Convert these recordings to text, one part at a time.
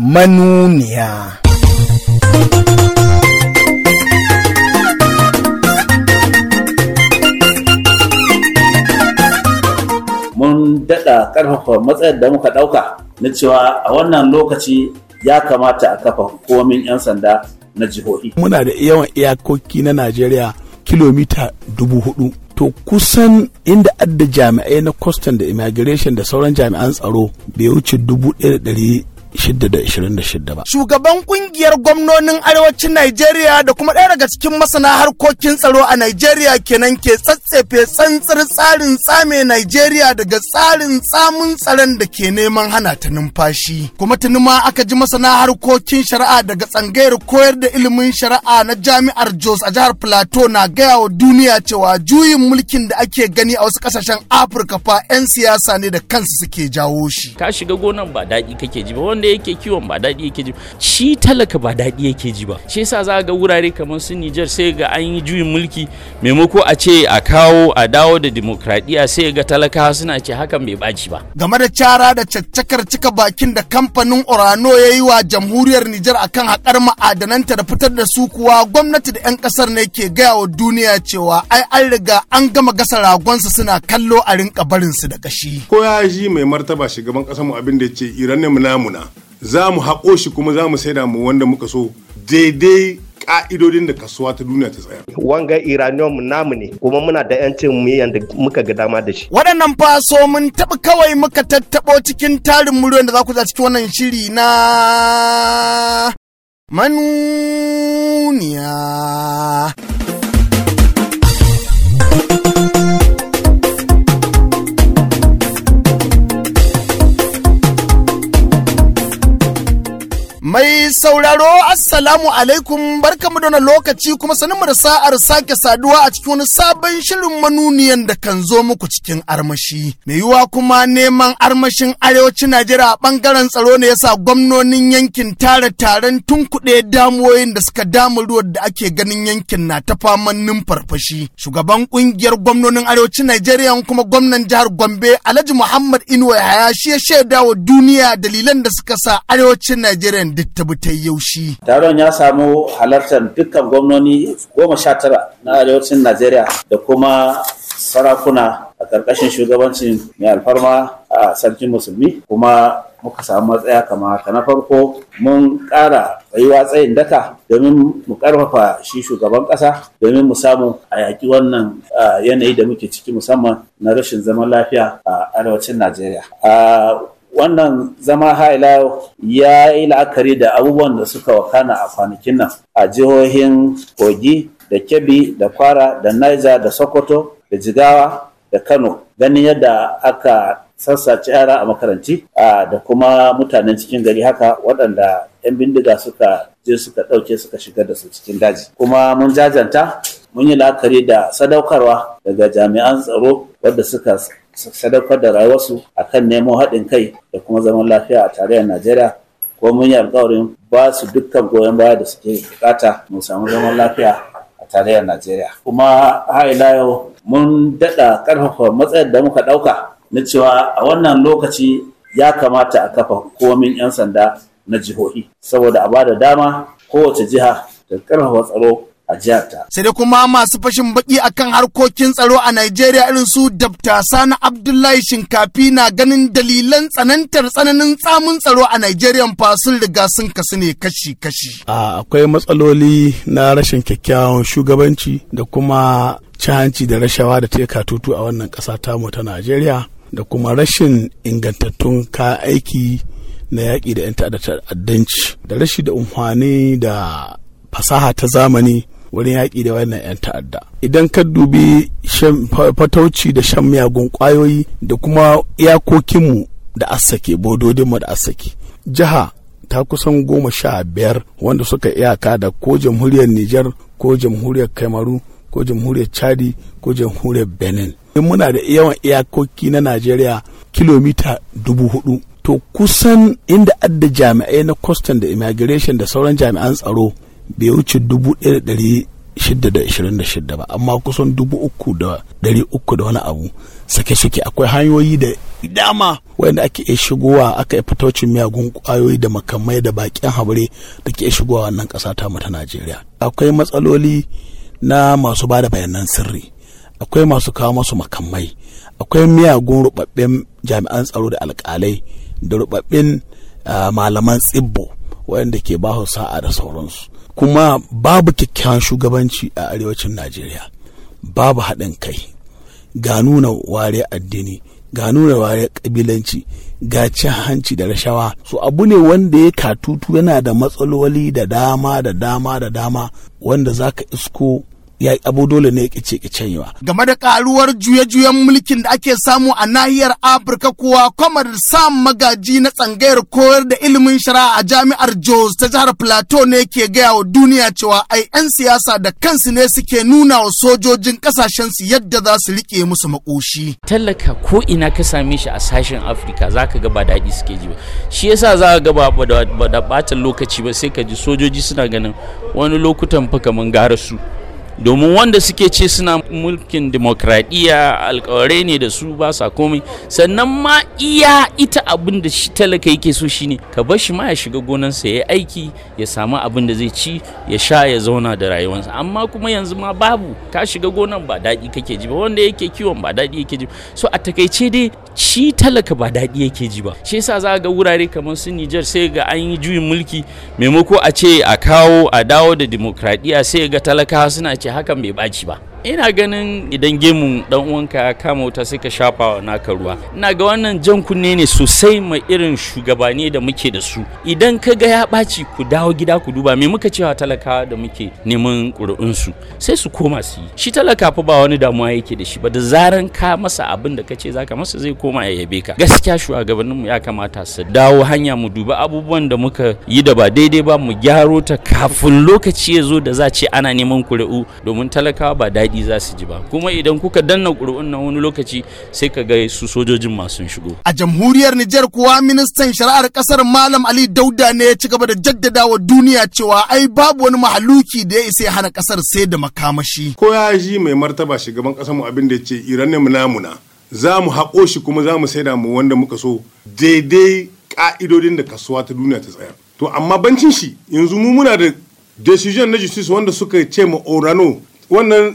manuniya. Mun daɗa ƙarfafa matsayar da muka ɗauka na cewa a wannan lokaci ya kamata a kafa hukumomin 'yan sanda na jihohi. Muna da yawan iyakoki na Najeriya kilomita dubu hudu. To kusan inda adda jami'ai na Kwastan da immigration da sauran jami'an tsaro bai wuce dubu ɗaya da ɗari 626 ba. Shugaban kungiyar gwamnonin arewacin Najeriya da kuma ɗaya daga cikin masana harkokin tsaro a Najeriya kenan ke tsatsefe tsantsar tsarin tsame Najeriya daga tsarin tsamin tsaron da ke neman hana ta numfashi. Kuma tuni ma aka ji masana harkokin shari'a daga tsangayar koyar da ilimin shari'a na jami'ar Jos a jihar Plateau na gaya wa duniya cewa juyin mulkin da ake gani a wasu kasashen Afirka fa 'yan siyasa ne da kansu suke jawo shi. Ka shiga gonan ba daɗi kake ji ba wanda yake kiwon ba daɗi yake ji shi talaka ba daɗi yake ji ba shi yasa za ga wurare kamar su Nijar sai ga an yi juyin mulki maimako a ce a kawo a dawo da demokradiya sai ga talaka suna ce hakan bai baci ba game da cara da caccakar cika bakin da kamfanin Orano ya yi wa jamhuriyar Nijar akan haƙar ma'adananta da fitar da su kuwa gwamnati da 'yan ƙasar ne ke gaya wa duniya cewa ai an riga an gama gasa ragonsa suna kallo a rinka barinsu da kashi. Ko ya ji mai martaba shugaban ƙasar mu abin da ce Iran ne namuna. za mu haƙo shi kuma za mu saida mu wanda muka so daidai ka'idodin da kasuwa ta duniya ta tsaya. Wanga Iranium namu ne kuma muna da yancin mu yanda muka ga dama da shi. Waɗannan faso mun taɓa kawai muka tattaɓo cikin tarin muryoyin da za ku za cikin wannan shiri na manuniya. Mai sauraro Assalamu alaikum barkamu da lokaci kuma sanin da sa'ar sake saduwa a cikin wani sabon shirin manuniyan da kan zo muku cikin armashi. Mai yiwuwa kuma neman armashin arewacin Najeriya a bangaren tsaro ne yasa gwamnonin yankin tara taron tunkuɗe damuwoyin da suka damu ruwan da ake ganin yankin na ta faman numfarfashi. Shugaban kungiyar gwamnonin arewacin Najeriya kuma gwamnan jihar Gombe Alhaji Muhammad Inuwa Yahaya shi ya shaida wa duniya dalilan da suka sa arewacin Najeriya tabbatar yaushi. Taron ya samu halartar dukkan gwamnoni goma sha tara na arewacin Najeriya da kuma sarakuna a ƙarƙashin shugabancin mai alfarma a sarkin musulmi kuma muka samu matsaya kama haka na farko mun ƙara tsayuwa tsayin daka domin mu ƙarfafa shi shugaban ƙasa domin mu samu a yaƙi wannan yanayi da muke ciki musamman na rashin zaman lafiya a arewacin najeriya wannan zama haila ya yi la'akari da abubuwan da suka wakana a kwanakin nan a jihohin kogi da kebbi da kwara da niger da sokoto da jigawa da kano ganin yadda aka sassace yara a makaranti da kuma mutanen cikin gari haka waɗanda 'yan bindiga suka je suka ɗauke suka shigar da su cikin daji kuma mun jajanta mun yi la'akari da sadaukarwa daga jami'an tsaro wadda suka sadaukar da rayuwarsu akan nemo haɗin kai da kuma zaman lafiya a tarayyar Najeriya ko mun yi alkawarin ba su dukkan goyon baya da suke bukata mu samu zaman lafiya a tarayyar Najeriya. Kuma ha ila yau mun daɗa ƙarfafa matsayar da muka ɗauka na cewa a wannan lokaci ya kamata a kafa komin 'yan sanda na jihohi saboda a ba da dama kowace jiha da ƙarfafa tsaro a jihata. Sai dai kuma masu fashin baki akan harkokin tsaro a Najeriya irin su Dabta Sani Abdullahi Shinkafi na ganin dalilan tsanantar tsananin tsamun tsaro a Najeriya fa sun riga sun kasu ne kashi-kashi. Akwai matsaloli na rashin kyakkyawan shugabanci da kuma cihanci da rashawa da ta katutu a wannan ƙasa mu ta Najeriya da kuma rashin ingantattun kayan aiki na yaƙi da 'yan ta'addanci da rashi da umfani da fasaha ta zamani wurin yaƙi da wannan 'yan ta'adda idan ka dubi fatauci da shan miyagun kwayoyi da kuma iyakokinmu da asake bododinmu da asake. jiha ta kusan goma sha biyar wanda suka iyaka da ko jamhuriyar niger ko jamhuriyar kamaru ko jamhuriyar chadi ko jamhuriyar benin in muna da yawan iyakoki na najeriya kilomita dubu hudu to kusan inda adda jami'ai na custom da immigration da sauran jami'an tsaro bai wuce dubu ɗaya da ɗari shida da ishirin da shida ba amma kusan dubu uku da ɗari uku da wani abu sake suke akwai hanyoyi da dama wanda ake iya shigowa aka yi fitocin miyagun kwayoyi da makamai da bakin habire da ke shigowa wannan ƙasa ta ta najeriya akwai matsaloli na masu bada bayanan sirri akwai masu kawo masu makamai akwai miyagun rubabbin jami'an tsaro da alkalai da rubabbin ah, malaman tsibbo waɗanda ke ba sa'a da sauransu kuma babu kyakkyawan shugabanci a arewacin najeriya babu haɗin kai ga nuna ware addini ga nuna ware ƙabilanci ga cin hanci da rashawa so abu ne wanda ya katutu yana da matsaloli da dama da dama da dama wanda za ka isko ya abu dole ne ya kice yawa. game da karuwar juye-juyen mulkin da ake samu a nahiyar Afirka kuwa kwamar Sam Magaji na tsangayar koyar da ilimin shari'a a jami'ar Jos ta jihar Plateau ne ke gaya wa duniya cewa ai 'yan siyasa da kansu ne suke nuna wa sojojin kasashen su yadda za su rike musu makoshi tallaka ko ina ka same shi a sashen Afirka zaka ga ba daɗi suke ji ba shi yasa za ka ga ba da ɓata lokaci ba sai ka ji sojoji suna ganin wani lokutan fa kamar gara su domin wanda suke ce suna mulkin demokradiyya alkawarai ne da su ba sa komai sannan ma iya ita abin da shi talaka yake so shine ka bar shi ma ya shiga gonansa ya yi aiki ya samu abin da zai ci ya sha ya zauna da rayuwarsa amma kuma yanzu ma babu ka shiga gonan ba daɗi kake ji ba wanda yake kiwon ba daɗi yake ji so a takaice dai shi talaka ba daɗi yake ji ba shi yasa za ga wurare kamar su Nijar sai ga an yi juyin mulki maimako a ce a kawo a dawo da demokradiyya sai ga talakawa suna ce hakan bai ɓaci ba ina ganin idan gemun dan uwanka ya kama wuta sai ka shafa wa naka ruwa ina ga wannan jan kunne ne sosai ma irin shugabanni da muke da su idan ka ga ya ɓaci ku dawo gida ku duba me muka cewa talakawa da muke neman ƙuri'unsu sai su koma su yi shi talaka fa ba wani damuwa yake da shi ba da zaran ka masa abin da ka ce zaka masa zai koma ya yabe ka gaskiya mu ya kamata su dawo hanya mu duba abubuwan da muka yi da ba daidai ba mu gyaro ta kafin lokaci ya zo da za ce ana neman ƙuri'u domin talakawa ba daɗi daɗi za su ji ba kuma idan kuka danna ƙuri'un nan wani lokaci sai ka ga su sojojin masu shigo a jamhuriyar Nijar kuwa ministan shari'ar ƙasar Malam Ali Dauda ne ya ci gaba da jaddada wa duniya cewa ai babu wani mahaluki da ya isa ya hana ƙasar sai da makamashi ko ya ji mai martaba shugaban ƙasar mu abin da ya ce Iran ne namuna za mu haƙo shi kuma za mu saida mu wanda muka so daidai ka'idodin da kasuwa ta duniya ta tsaya. to amma bancin shi yanzu mu muna da decision na justice wanda suka ce ma orano wannan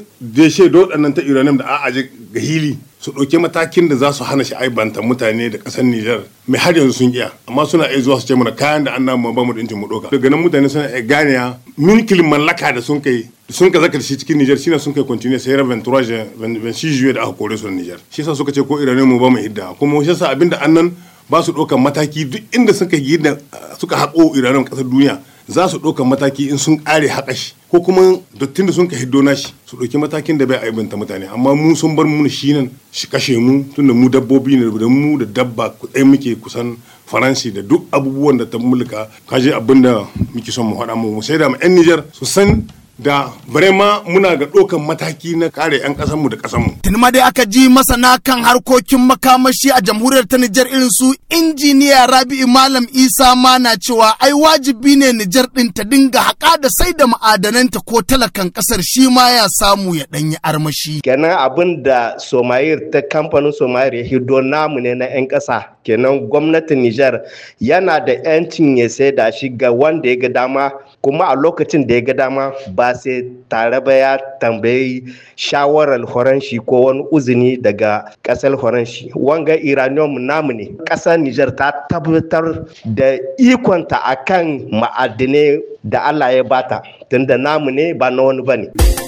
shi da waɗannan ta uranium da a ga hili su ɗauki matakin da za su hana shi aibanta mutane da ƙasar Nijar mai har yanzu sun iya amma suna iya zuwa su ce mana kayan da an namu ba mu da mu ɗauka daga nan mutane suna iya ganewa milkin mallaka da sun kai sun ka zaka shi cikin Nijar shine sun kai continue sai 23 troje 26 shi da aka kore su Nijar shi yasa suka ce ko iranium mu ba mu hidda kuma shi yasa abinda annan ba su ɗaukar mataki duk inda suka yi da suka haƙo iranium ƙasar duniya za su ɗauka mataki in sun ƙare haƙa shi ko kuma dattin da sun ka hiddo nashi su ɗauki matakin da bai aibanta mutane amma mu sun bar mu shi nan shi kashe mu tunda mu dabbobi ne da mu da dabba kuɗai muke kusan faransi da duk abubuwan da ta mulka kaje abin da muke son mu haɗa mu sai da mu 'yan Nijar su san da barema muna ga ɗaukan mataki na kare 'yan mu da ƙasanmu. Tuni ma dai aka ji masana kan harkokin makamashi a jamhuriyar ta Nijar irin su injiniya Rabi'u Malam Isa ma na cewa ai wajibi ne Nijar ɗin ta dinga haƙa da sai da ma'adananta ko talakan ƙasar shi ma ya samu ya ɗanyi armashi. Kenan abin da Somayir ta kamfanin Somayir ya hido namu ne na 'yan ƙasa. kenan gwamnatin Nijar yana da 'yancin ya sai da shi ga wanda ya ga dama kuma a lokacin da ya ga dama ba sai tare ba ya tambayi shawarar horanshi ko wani uzini daga ƙasar horanshi wanga iranium namu ne ƙasar Nijar ta tabbatar da ikonta a kan ma'adinai da Allah ya bata tunda namu ne ba na wani bane. ne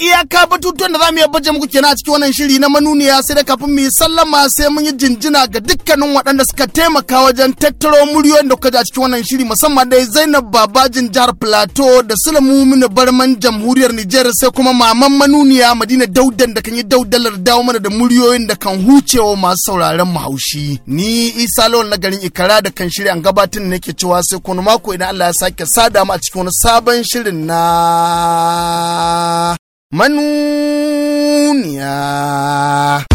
iya iyaka batutuwan da za mu iya baje muku kenan a cikin wannan shiri na manuniya sai da kafin mu yi sallama sai mun yi jinjina ga dukkanin waɗanda suka taimaka wajen tattaro muryoyin da kuka ji a cikin wannan shiri musamman dai Zainab Babajin jihar Plateau da Sulemu Minu Barman jamhuriyar Nijar sai kuma maman manuniya Madina Daudan da kan yi daudalar dawo mana da muryoyin da kan huce hucewa masu sauraron mu haushi ni Isa Lawal na garin Ikara da kan shiri an gabatar nake cewa sai kuma mako idan Allah ya sake sada mu a cikin wani sabon shirin na manuniya.